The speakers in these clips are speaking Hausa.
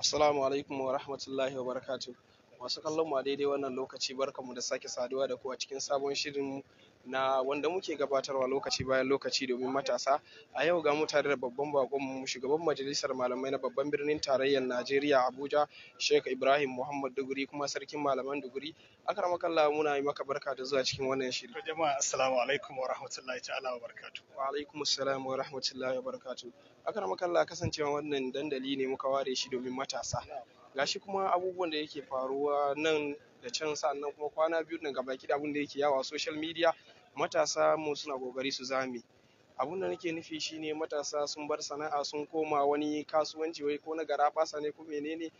Assalamu alaikum wa rahmatullahi wa barakatuh. Masu kallon mu a daidai wannan lokaci mu da sake saduwa da ku a cikin sabon shirin na wanda muke gabatarwa lokaci bayan lokaci domin matasa a yau ga mutane da babban bakon mu shugaban majalisar malamai na babban birnin tarayyar Najeriya Abuja Sheikh Ibrahim Muhammad Duguri kuma sarkin malaman Duguri akramakallah muna yi maka barka da zuwa cikin wannan shiri to jama'a assalamu alaikum wa rahmatullahi ta'ala wa barakatuh wa alaikum assalam wa rahmatullahi wa barakatuh akramakallah kasancewa wannan dandali ne muka ware shi domin matasa gashi kuma abubuwan da yake faruwa nan da can sannan kuma kwana biyu nan gaba da abin da yake yawa social media matasa mu suna ƙoƙari su zame. Abun da nake nufi shine matasa sun bar sana'a sun koma wani kasuwanci wai ko na garaɓasa ne ko menene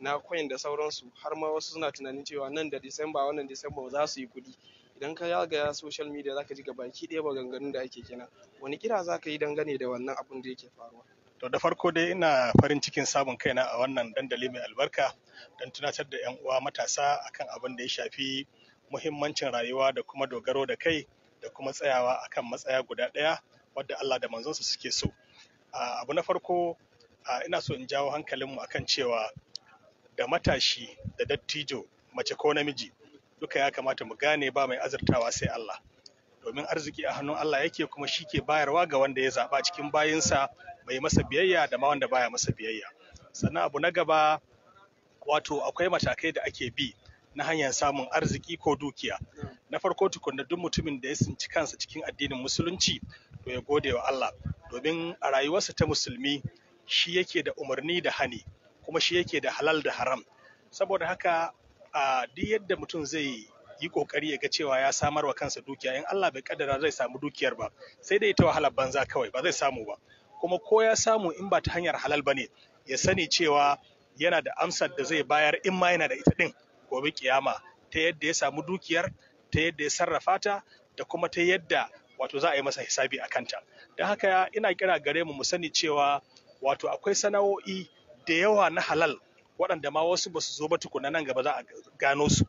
na coin da sauransu har ma wasu suna tunanin cewa nan da Disamba wannan Disamba za su yi kuɗi. Idan ka zagaya social media za ka ji gabaki ɗaya maganganun da ake kina Wani kira za ka yi dangane da wannan abun da yake faruwa? To da farko dai ina farin cikin samun kaina a wannan dandali mai albarka don tunatar da 'yan uwa matasa akan abin da ya shafi muhimmancin rayuwa da kuma dogaro da kai da kuma tsayawa akan matsaya guda ɗaya wadda Allah da manzonsa suke so. Abu na farko ina so in jawo hankalinmu akan cewa da matashi da dattijo mace ko namiji duka ya kamata mu gane ba mai azurtawa sai Allah. Domin arziki a hannun Allah yake kuma shi ke bayarwa ga wanda ya zaɓa cikin bayinsa mai masa biyayya da ma wanda baya masa biyayya. Sannan abu na gaba wato akwai matakai da ake bi na hanyar samun arziki ko dukiya na farko tukunna duk mutumin da ya tsinci kansa cikin addinin musulunci to ya gode wa Allah domin a rayuwarsa ta musulmi shi yake da umarni da hani kuma shi yake da halal da haram saboda haka a duk yadda mutum zai yi kokari ya ga cewa ya samar wa kansa dukiya in Allah bai kaddara zai samu dukiyar ba sai dai ita wahalar banza kawai ba zai samu ba kuma ko ya samu in ba ta hanyar halal ba ne ya sani cewa yana da amsar da zai bayar in ma yana da ita din gobe kiyama ta yadda ya samu dukiyar ta yadda ya sarrafa ta da kuma ta yadda wato za a yi masa hisabi a kanta don haka ina kira gare mu mu sani cewa wato akwai sana'o'i da yawa na halal waɗanda ma wasu ba su zo ba tukuna nan gaba za a gano su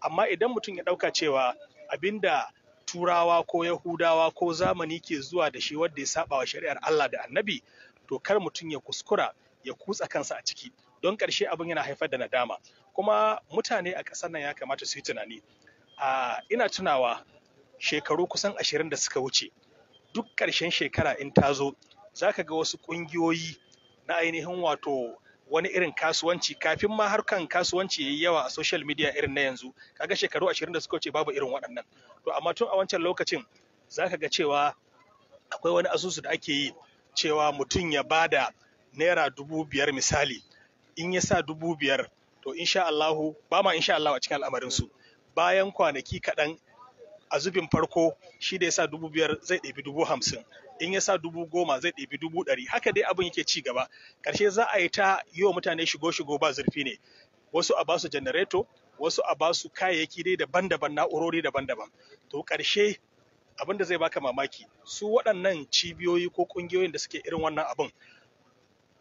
amma idan mutum ya ɗauka cewa abinda turawa ko yahudawa ko zamani ke zuwa da shi wanda ya saba wa shari'ar Allah da annabi to kar mutum ya kuskura ya kutsa kansa a ciki don ƙarshe abin yana haifar da nadama kuma mutane a ƙasar nan ya kamata su yi tunani a ina tunawa shekaru kusan ashirin da suka wuce duk ƙarshen shekara in ta zo za ka ga wasu ƙungiyoyi na ainihin wato wani irin kasuwanci kafin ma harkan kasuwanci ya yi yawa a social media irin na yanzu kaga shekaru ashirin da suka wuce babu irin waɗannan to amma tun a wancan lokacin za ka ga cewa akwai wani asusu da ake yi cewa mutum ya bada naira dubu biyar misali in ya sa dubu biyar to insha Allahu ba ma insha Allahu a cikin al'amarin su bayan kwanaki kaɗan a zubin farko shi da ya sa dubu biyar zai ɗabi dubu hamsin in ya sa dubu goma zai ɗabi dubu ɗari haka dai abin yake ci gaba ƙarshe za a yi ta yi wa mutane shigo shigo ba zurfi ne wasu a basu janareto wasu a basu kayayyaki dai daban-daban na'urori daban-daban to ƙarshe abin da zai baka mamaki su waɗannan cibiyoyi ko ƙungiyoyin da suke irin wannan abin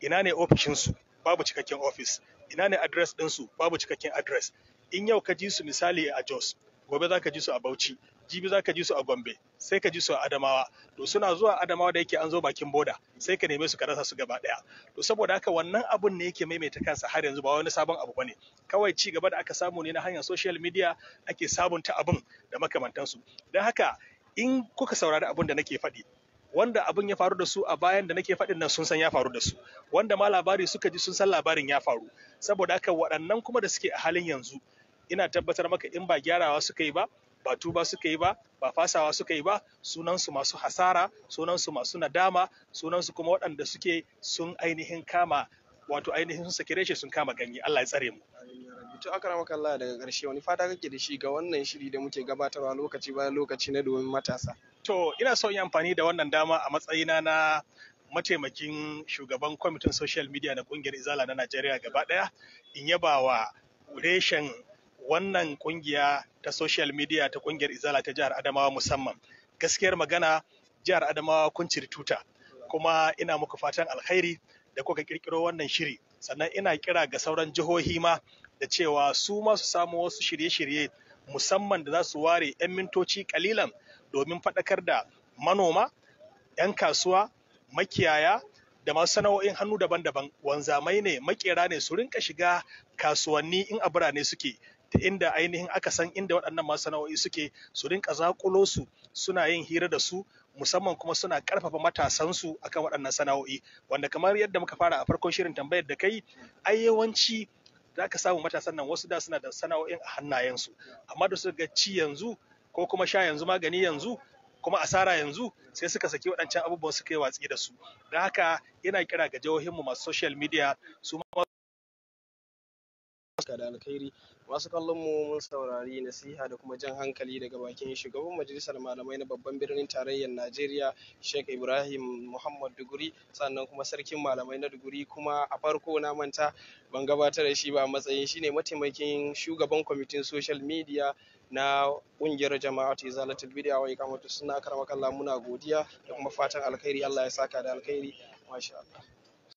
ina ne ofishinsu babu cikakken ofis ina ne address su babu cikakken address in yau ka ji su misali a Jos gobe za ka ji su a Bauchi jibi za ka ji su a Gombe sai ka ji su a Adamawa to suna zuwa Adamawa da yake an zo bakin boda sai ka neme su ka rasa su gaba daya to saboda haka wannan abun ne yake maimaita kansa har yanzu ba wani sabon abu bane kawai ci gaba da aka samu ne na hanyar social media ake sabunta abun da makamantansu don haka in kuka saurari abun da nake faɗi wanda abin ya faru da su a bayan da nake faɗin nan sun san ya faru da su wanda ma labari suka ji sun san labarin ya faru saboda haka waɗannan kuma da suke a halin yanzu ina tabbatar maka in ba gyarawa suka yi ba ba tuba suka yi ba ba fasawa suka yi ba sunansu masu hasara sunansu masu nadama sunansu kuma waɗanda suke sun ainihin kama wato ainihin sun saki sun kama ganye Allah ya tsare mu To akramakallah daga ƙarshe wani fata kake da shi ga wannan shiri da muke gabatarwa lokaci bayan lokaci na domin matasa? To ina so yi amfani da wannan dama a matsayina na mataimakin shugaban kwamitin social media na kungiyar Izala na Najeriya gaba ɗaya in yaba wa reshen wannan kungiya ta social media ta kungiyar Izala ta jihar Adamawa musamman. Gaskiyar magana jihar Adamawa kun ciri tuta kuma ina muku fatan alkhairi da kuka kirkiro wannan shiri. sannan ina kira ga sauran jihohi ma da cewa su ma su samu wasu shirye-shirye musamman da za su ware 'yan mintoci kalilan domin faɗakar da manoma 'yan kasuwa makiyaya da masu sana'o'in hannu daban-daban wanzamai ne makera ne su rinka shiga kasuwanni in a birane suke ta inda ainihin aka san inda waɗannan masana'o'i suke su rinka zakulo su suna yin hira da su musamman kuma suna karfafa matasansu akan waɗannan sana'o'i wanda kamar yadda muka fara a farkon shirin tambayar da kai ai yawanci za ka samu matasan nan wasu da suna da sana'o'in a hannayensu amma da suka ga ci yanzu ko kuma sha yanzu magani yanzu kuma asara yanzu sai suka saki waɗancan abubuwan suka yi watsi da su da haka yana kira ga jihohinmu masu social media su da alkhairi masu kallon mu mun saurari nasiha da kuma jan hankali daga bakin shugaban majalisar malamai na babban birnin tarayyar Najeriya Sheikh Ibrahim Muhammad Duguri sannan kuma sarkin malamai na Duguri kuma a farko na manta ban gabatar da shi ba a matsayin shine mataimakin shugaban kwamitin social media na kungiyar jama'atu izalatul bid'a wa ikamatu sunna karamakallah muna godiya da kuma fatan alkhairi Allah ya saka da alkhairi masha Allah